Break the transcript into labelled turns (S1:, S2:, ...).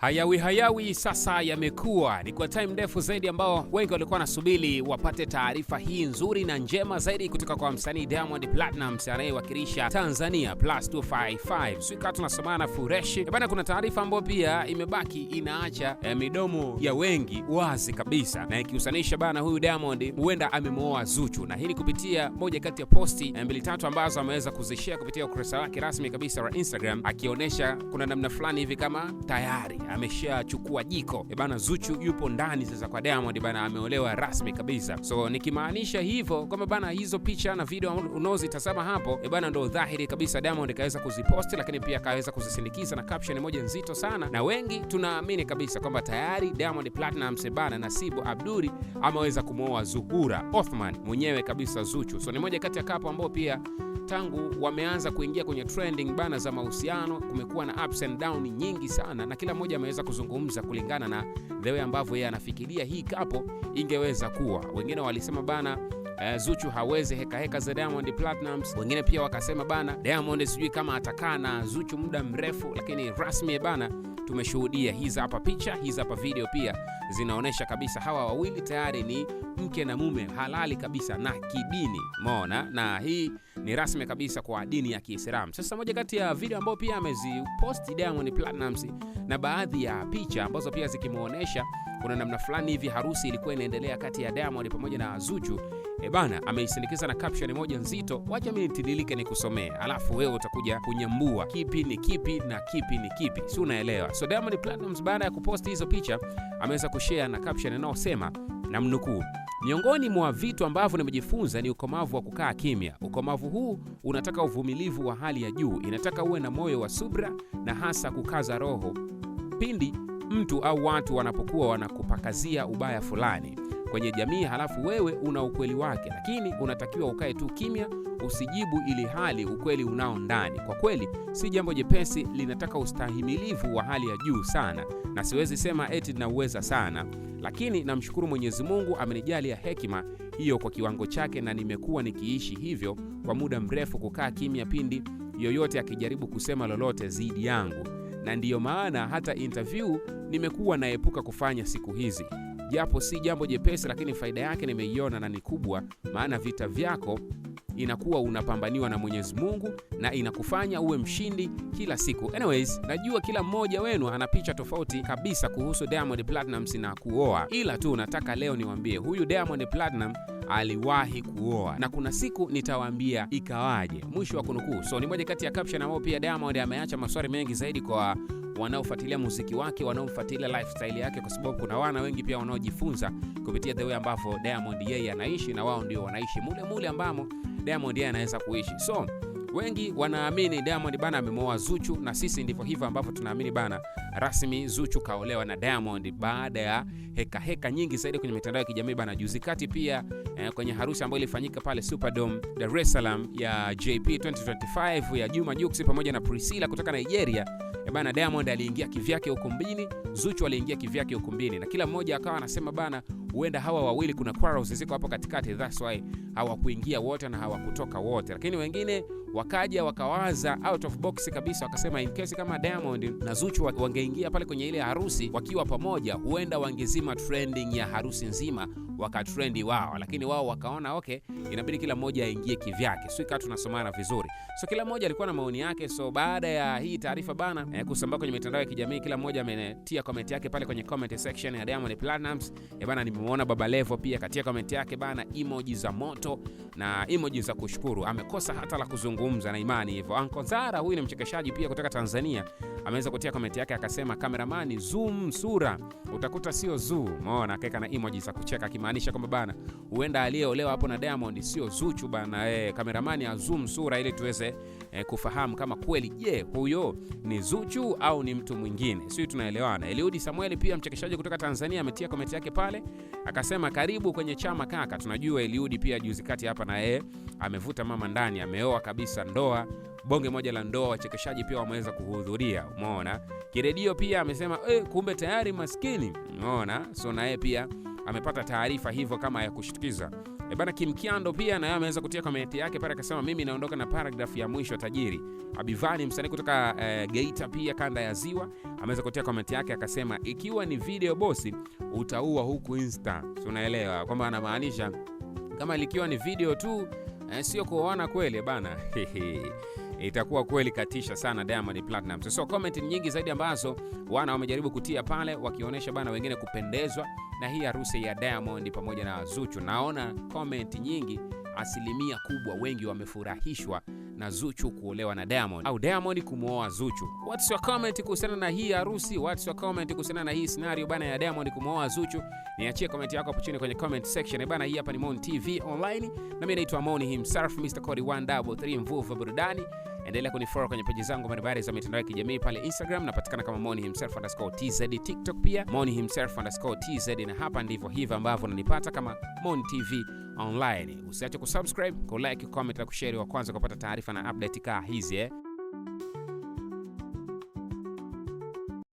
S1: Hayawi hayawi sasa yamekuwa ni kwa time ndefu zaidi, ambao wengi walikuwa wanasubiri wapate taarifa hii nzuri na njema zaidi kutoka kwa msanii Diamond Platnumz anayewakilisha Tanzania Plus 255 sika tunasomana Fureshi e bana. Kuna taarifa ambayo pia imebaki inaacha eh, midomo ya wengi wazi kabisa, na ikihusanisha bana, huyu Diamond huenda amemwoa Zuchu, na hili kupitia moja kati ya posti eh, mbili tatu ambazo ameweza kuzishare kupitia ukurasa wake rasmi kabisa wa Instagram, akionyesha kuna namna fulani hivi kama tayari ameshachukua jiko e bana. Zuchu yupo ndani sasa kwa Diamond bana, ameolewa rasmi kabisa. So nikimaanisha hivyo kwamba bana, hizo picha na video unaozitazama hapo e bana, ndo dhahiri kabisa Diamond kaweza kuziposti, lakini pia akaweza kuzisindikiza na caption moja nzito sana, na wengi tunaamini kabisa kwamba tayari Diamond Platnumz bana, Nasibu Abduri ameweza kumwoa Zuhura Othman mwenyewe kabisa Zuchu. So ni moja kati ya kapo ambao pia tangu wameanza kuingia kwenye trending bana za mahusiano, kumekuwa na ups and down nyingi sana na kila mmoja ameweza kuzungumza kulingana na the way ambavyo yeye anafikiria hii kapo ingeweza kuwa. Wengine walisema bana Uh, Zuchu hawezi heka heka za Diamond Platnumz. Wengine pia wakasema bana Diamond sijui kama atakaa na Zuchu muda mrefu, lakini rasmi eh, bana tumeshuhudia hizi hapa picha, hizi hapa video pia zinaonyesha kabisa hawa wawili tayari ni mke na mume halali kabisa na kidini, umeona na hii ni rasmi kabisa kwa dini ya Kiislamu. Sasa moja kati ya video ambayo pia ameziposti Diamond Platnumz na baadhi ya picha ambazo pia zikimuonesha kuna namna fulani hivi harusi ilikuwa inaendelea kati ya Diamond pamoja na Zuchu. E bana, ameisindikiza na caption moja nzito, wacha mimi nitililike nikusomee, alafu wewe utakuja kunyambua kipi ni kipi na kipi ni kipi, si unaelewa? So Diamond Platnumz baada ya kuposti hizo picha ameweza kushare na caption inayosema namnukuu Miongoni mwa vitu ambavyo nimejifunza ni ukomavu wa kukaa kimya. Ukomavu huu unataka uvumilivu wa hali ya juu, inataka uwe na moyo wa subra na hasa kukaza roho pindi mtu au watu wanapokuwa wanakupakazia ubaya fulani kwenye jamii, halafu wewe una ukweli wake, lakini unatakiwa ukae tu kimya usijibu ili hali ukweli unao ndani. Kwa kweli si jambo jepesi, linataka ustahimilivu wa hali ya juu sana, na siwezi sema eti ninauweza sana, lakini namshukuru Mwenyezi Mungu amenijalia hekima hiyo kwa kiwango chake, na nimekuwa nikiishi hivyo kwa muda mrefu, kukaa kimya pindi yoyote akijaribu kusema lolote zidi yangu, na ndiyo maana hata interview nimekuwa naepuka kufanya siku hizi japo si jambo jepesi, lakini faida yake nimeiona na ni kubwa, maana vita vyako inakuwa unapambaniwa na Mwenyezi Mungu na inakufanya uwe mshindi kila siku. Anyways, najua kila mmoja wenu ana picha tofauti kabisa kuhusu Diamond Platnumz na kuoa, ila tu nataka leo niwaambie huyu Diamond platinum aliwahi kuoa na kuna siku nitawaambia ikawaje. Mwisho wa kunukuu. So ni moja kati ya caption ambayo pia Diamond ameacha maswali mengi zaidi kwa wanaofuatilia muziki wake, wanaomfuatilia lifestyle yake, kwa sababu kuna wana wengi pia wanaojifunza kupitia the way ambavyo Diamond yeye anaishi, na wao ndio wanaishi mule mule ambamo Diamond yeye anaweza kuishi. So wengi wanaamini Diamond bana amemoa Zuchu, na sisi ndivyo hivyo ambavyo tunaamini bana, rasmi Zuchu kaolewa na Diamond baada ya heka heka nyingi zaidi kwenye mitandao ya kijamii bana. Juzi kati pia eh, kwenye harusi ambayo ilifanyika pale Superdome Dar es Salaam ya JP 2025 ya Juma Jux pamoja na Priscilla kutoka Nigeria E bana, Diamond aliingia kivyake ukumbini, Zuchu aliingia kivyake ukumbini, na kila mmoja akawa anasema bana huenda hawa wawili kuna quarrels ziko hapo katikati, that's why hawakuingia wote na hawakutoka wote, lakini wengine wakaja wakawaza out of box kabisa, wakasema in case kama Diamond na Zuchu wangeingia pale kwenye ile harusi wakiwa pamoja, huenda wangezima trending ya harusi nzima, wakatrendi wao. Lakini wao wakaona okay, inabidi kila mmoja aingie kivyake, sio kama tunasomana vizuri. So kila mmoja alikuwa na maoni yake. So baada ya hii taarifa bana eh, kusambaa kwenye mitandao ya kijamii, kila mmoja ametia comment yake pale kwenye comment section ya Diamond Platnumz. Eh bana, ni Tumemwona Baba Levo pia katika komenti yake bana, emoji za moto na emoji za kushukuru, amekosa hata la kuzungumza na imani hivyo. Anko Zara, huyu ni mchekeshaji pia kutoka Tanzania, ameweza kutia komenti yake akasema, kameramani zoom sura utakuta sio zuu Umeona, akaweka na emoji za kucheka, akimaanisha kwamba bana, huenda aliyeolewa hapo na Diamond sio Zuchu bana. E, kameramani azoom sura ili tuweze e, kufahamu kama kweli, je, yeah, huyo ni Zuchu au ni mtu mwingine? sio tunaelewana. Eliudi Samueli pia mchekeshaji kutoka Tanzania ametia komenti yake pale Akasema karibu kwenye chama kaka. Tunajua Eliudi pia juzi kati hapa na yeye amevuta mama ndani, ameoa kabisa ndoa bonge moja la ndoa, wachekeshaji pia wameweza kuhudhuria, umeona. Kiredio pia amesema e, kumbe tayari maskini, umeona. So na yeye pia amepata taarifa hivyo kama ya kushtukiza. Bana Kimkyando pia yeye ameweza kutia comment yake pale, akasema mimi naondoka na paragraph ya mwisho tajiri. Abivani msanii kutoka uh, Geita pia kanda ya Ziwa ameweza kutia komenti yake akasema, ikiwa ni video bosi utaua huku Insta. Si unaelewa kwamba anamaanisha kama likiwa ni video tu eh, sio kuona kweli bana itakuwa kweli katisha sana Diamond Platnumz. So comment nyingi zaidi ambazo wana wamejaribu kutia pale, wakionyesha bana wengine kupendezwa na hii harusi ya Diamond pamoja na Zuchu. Naona comment nyingi, asilimia kubwa wengi wamefurahishwa na Zuchu kuolewa na Diamond au Diamond kumwoa Zuchu. What's your comment kuhusiana na hii harusi? What's your comment kuhusiana na hii scenario bana ya Diamond kumwoa Zuchu? Niachie comment yako hapo chini kwenye comment section bana. Hii hapa ni Mon TV Online na mimi naitwa Mon himself Mr. Cody 133 mvuvu burudani endelea kunifollow kwenye peji zangu mbalimbali za mitandao ya kijamii pale Instagram napatikana kama Moni himself underscore tz, TikTok pia Moni himself underscore tz, na hapa ndivyo hivi ambavyo unanipata kama Moni TV online. Usiache kusubscribe, kulike, comment na kushare, wa kwanza kupata taarifa na update kaa hizi eh.